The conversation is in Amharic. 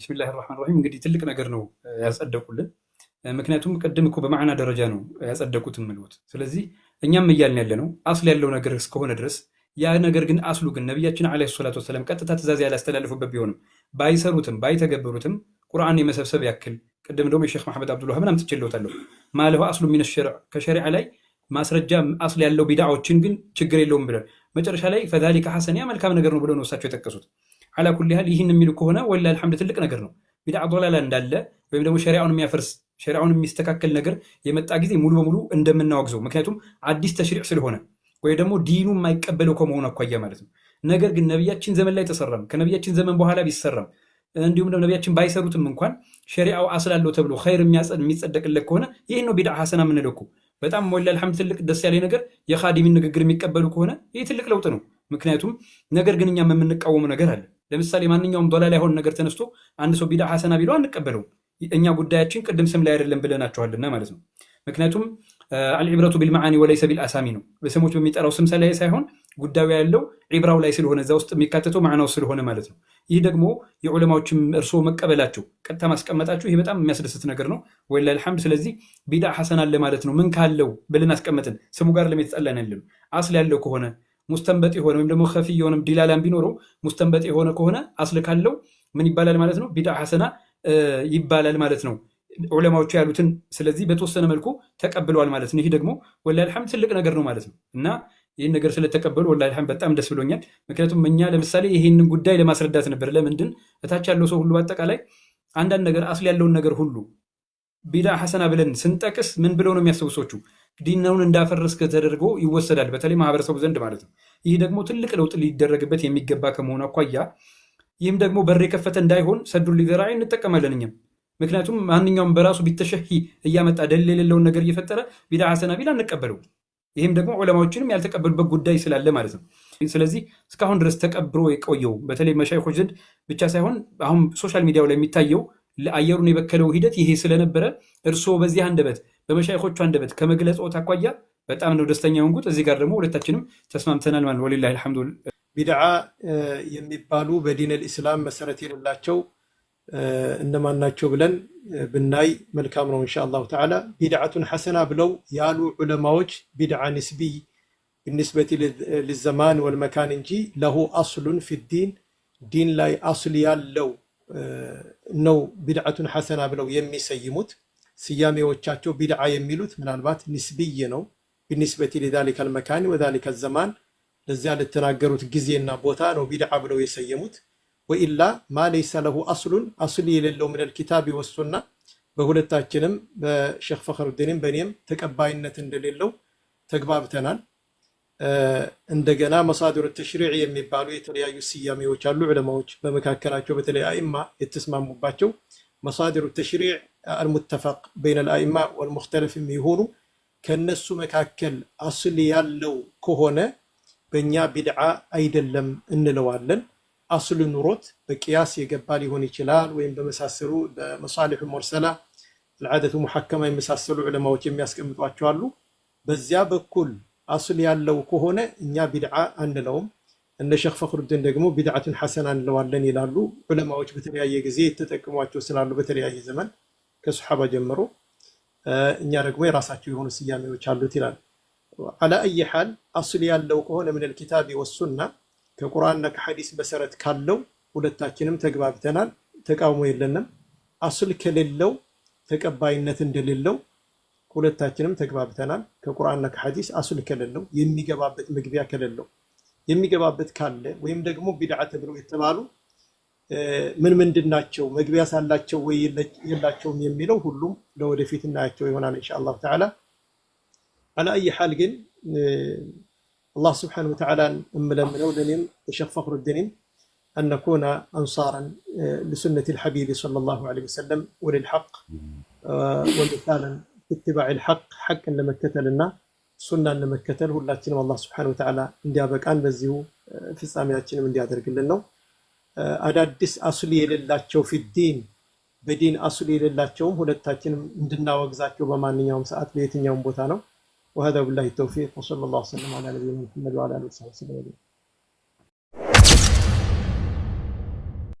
ብስሚላህ ራህማን ራሂም እንግዲህ ትልቅ ነገር ነው ያጸደቁልን። ምክንያቱም ቅድም እኮ በማዕና ደረጃ ነው ያጸደቁት የምልሁት። ስለዚህ እኛም እያልን ያለ ነው አስል ያለው ነገር እስከሆነ ድረስ ያ ነገር ግን አስሉ ግን ነቢያችን ዓለይሂ ሰላቱ ወሰላም ቀጥታ ትእዛዝ ያላስተላልፉበት ቢሆንም ባይሰሩትም ባይተገበሩትም ቁርአን የመሰብሰብ ያክል ቅድም ደግሞ የሼክ መሐመድ አብዱልዋሃብን አምጥቼለታለሁ ማለሁ አስሉ ሚነ ከሸሪዓ ላይ ማስረጃ አስል ያለው ቢድዓዎችን ግን ችግር የለውም ብለን መጨረሻ ላይ ፈዛሊከ ያ መልካም ነገር ነው ብለው ነው እሳቸው የጠቀሱት። አላኩል ያህል ይህን የሚሉ ከሆነ ወላ አልሐምድ ትልቅ ነገር ነው። ቢድዓ ዶላላ እንዳለ ወይም ደግሞ ሸሪዓውን የሚያፈርስ ሸሪዓውን የሚስተካከል ነገር የመጣ ጊዜ ሙሉ በሙሉ እንደምናወግዘው ምክንያቱም አዲስ ተሽሪዕ ስለሆነ ወይ ደግሞ ዲኑ የማይቀበለው ከመሆኑ አኳያ ማለት ነው። ነገር ግን ነቢያችን ዘመን ላይ ተሰራም ከነቢያችን ዘመን በኋላ ቢሰራም እንዲሁም ደግሞ ነቢያችን ባይሰሩትም እንኳን ሸሪዓው አስላለው ተብሎ ኸይር የሚጸደቅለት ከሆነ ይህን ነው ቢድዓ ሐሰና የምንለው እኮ። በጣም ወላ አልሐምድ ትልቅ ደስ ያለ ነገር የኻዲሚን ንግግር የሚቀበሉ ከሆነ ይህ ትልቅ ለውጥ ነው። ምክንያቱም ነገር ግን እኛም የምንቃወሙ ነገር አለ ለምሳሌ ማንኛውም ዶላ ላይ ሆን ነገር ተነስቶ አንድ ሰው ቢዳ ሐሰና ቢለው አንቀበለውም። እኛ ጉዳያችን ቅድም ስም ላይ አይደለም ብለናቸዋልና ማለት ነው። ምክንያቱም አልዕብረቱ ቢልመዓኒ ወለይሰ ቢልአሳሚ ነው። በስሞች በሚጠራው ስም ላይ ሳይሆን ጉዳዩ ያለው ዒብራው ላይ ስለሆነ እዛ ውስጥ የሚካተተው ማዕናው ስለሆነ ማለት ነው። ይህ ደግሞ የዑለማዎችም እርስዎ መቀበላቸው ቀጥታ ማስቀመጣቸው ይህ በጣም የሚያስደስት ነገር ነው። ወላ ልሐምድ። ስለዚህ ቢዳ ሐሰናን ማለት ነው ምን ካለው ብልን አስቀመጥን። ስሙ ጋር ለመተጠላን ያለ አስል ያለው ከሆነ ሙስተንበጥ የሆነ ወይም ደግሞ ከፊ የሆነም ዲላላም ቢኖረው ሙስተንበጥ የሆነ ከሆነ አስል ካለው ምን ይባላል ማለት ነው? ቢድዓ ሐሰና ይባላል ማለት ነው። ዑለማዎቹ ያሉትን ስለዚህ በተወሰነ መልኩ ተቀብለዋል ማለት ነው። ይህ ደግሞ ወላሂ አልሐምድ ትልቅ ነገር ነው ማለት ነው እና ይህን ነገር ስለተቀበሉ ወላሂ አልሐምድ በጣም ደስ ብሎኛል። ምክንያቱም እኛ ለምሳሌ ይህንን ጉዳይ ለማስረዳት ነበር። ለምንድን እታች ያለው ሰው ሁሉ በአጠቃላይ አንዳንድ ነገር አስል ያለውን ነገር ሁሉ ቢዳ ሐሰና ብለን ስንጠቅስ ምን ብለው ነው የሚያስቡ ሰዎቹ? ዲናውን እንዳፈረስከ ተደርጎ ይወሰዳል፣ በተለይ ማህበረሰቡ ዘንድ ማለት ነው። ይህ ደግሞ ትልቅ ለውጥ ሊደረግበት የሚገባ ከመሆኑ አኳያ ይህም ደግሞ በር የከፈተ እንዳይሆን ሰዱ ሊዘራ እንጠቀማለን እኛም። ምክንያቱም ማንኛውም በራሱ ቢተሸሂ እያመጣ ደል የሌለውን ነገር እየፈጠረ ቢዳ ሐሰና ቢል አንቀበለው። ይህም ደግሞ ዑለማዎችንም ያልተቀበሉበት ጉዳይ ስላለ ማለት ነው። ስለዚህ እስካሁን ድረስ ተቀብሮ የቆየው በተለይ መሻይኮች ዘንድ ብቻ ሳይሆን አሁን ሶሻል ሚዲያው ላይ የሚታየው አየሩን የበከለው ሂደት ይሄ ስለነበረ እርስዎ በዚህ አንደበት በመሻይኮቹ አንደበት ከመግለጽዎት አኳያ በጣም ነው ደስተኛ የሆንኩት። እዚህ ጋር ደግሞ ሁለታችንም ተስማምተናል ማለት ወሊላሂ አልሐምዱ። ቢድዓ የሚባሉ በዲነል ኢስላም መሰረት የሌላቸው እነማን ናቸው ብለን ብናይ መልካም ነው። እንሻ ተዓላ ቢድዓቱን ሐሰና ብለው ያሉ ዑለማዎች ቢድዓ ንስቢ ብንስበቲ ልዘማን ወልመካን እንጂ ለሁ አስሉን ፊዲን ዲን ላይ አስል ያለው ነው ቢድዓቱን ሐሰና ብለው የሚሰይሙት። ስያሜዎቻቸው ቢድዓ የሚሉት ምናልባት ንስብይ ነው ቢኒስበቲ ሊዛሊከ አልመካኒ ወዛሊከ ዘማን ለዚያ ለተናገሩት ጊዜና ቦታ ነው ቢድዓ ብለው የሰየሙት። ወኢላ ማ ለይሰ ለሁ አስሉን አስል የሌለው ምን ልኪታብ ወሱና በሁለታችንም በሼክ ፈክሩዲንም በእኔም ተቀባይነት እንደሌለው ተግባብተናል። እንደገና መሳድር ተሽሪዕ የሚባሉ የተለያዩ ስያሜዎች አሉ። ዑለማዎች በመካከላቸው በተለይ አኢማ የተስማሙባቸው መሳድር ተሽሪዕ አልሙተፈቅ በይነ አልአኢማ ወልሙክተለፍ የሚሆኑ ከነሱ መካከል አስል ያለው ከሆነ በእኛ ቢድዓ አይደለም እንለዋለን። አስል ኑሮት በቅያስ የገባ ሊሆን ይችላል፣ ወይም በመሳሰሉ በመሳሊሑ ሙርሰላ አልዓደቱ ሙሐከማ የመሳሰሉ ዑለማዎች የሚያስቀምጧቸው አሉ። በዚያ በኩል አስል ያለው ከሆነ እኛ ቢድዓ አንለውም። እነ ሸክ ፈክሩድን ደግሞ ቢድዓትን ሐሰን አንለዋለን ይላሉ። ዑለማዎች በተለያየ ጊዜ የተጠቅሟቸው ስላሉ በተለያየ ዘመን ከሱሓባ ጀምሮ እኛ ደግሞ የራሳቸው የሆኑ ስያሜዎች አሉት ይላል። አላ አይ ሓል አስል ያለው ከሆነ ምን ልኪታቢ ወሱና ከቁርአንና ከሐዲስ መሰረት ካለው ሁለታችንም ተግባብተናል፣ ተቃውሞ የለንም። አስል ከሌለው ተቀባይነት እንደሌለው ሁለታችንም ተግባብተናል። ከቁርአንና ከሐዲስ አሱል ከሌለው የሚገባበት መግቢያ ከሌለው የሚገባበት ካለ ወይም ደግሞ ቢድዓ ተብለው የተባሉ ምን ምንድን ናቸው መግቢያ ሳላቸው ወይ የላቸውም የሚለው ሁሉም ለወደፊት እናያቸው ይሆናል ኢንሻአላህ ተዓላ። አላ አይ ግን አላህ ስብሓነሁ ወተዓላን እምለምነው ለኔም ተሸፈኽሩድንም أن نكون أنصارا لسنة الحبيب صلى الله عليه وسلم وللحق ኢትባዕል ሐቅ ሐቅን ለመከተልና ሱናን ለመከተል ሁላችንም አላህ ስብሐነ ወተዓላ እንዲያበቃን በዚሁ ፍጻሜያችንም እንዲያደርግልን ነው። አዳዲስ አሱል የሌላቸው ፊዲን በዲን አሱል የሌላቸውም ሁለታችንም እንድናወግዛቸው በማንኛውም ሰዓት በየትኛውም ቦታ ነው። ወሀዛ ብላሂ ተውፊቅ ወሰለላሁ ወሰለም ነቢይና ሙሐመድ ወዐላ አሊሂ ወሰሐቢሂ ወሰለም።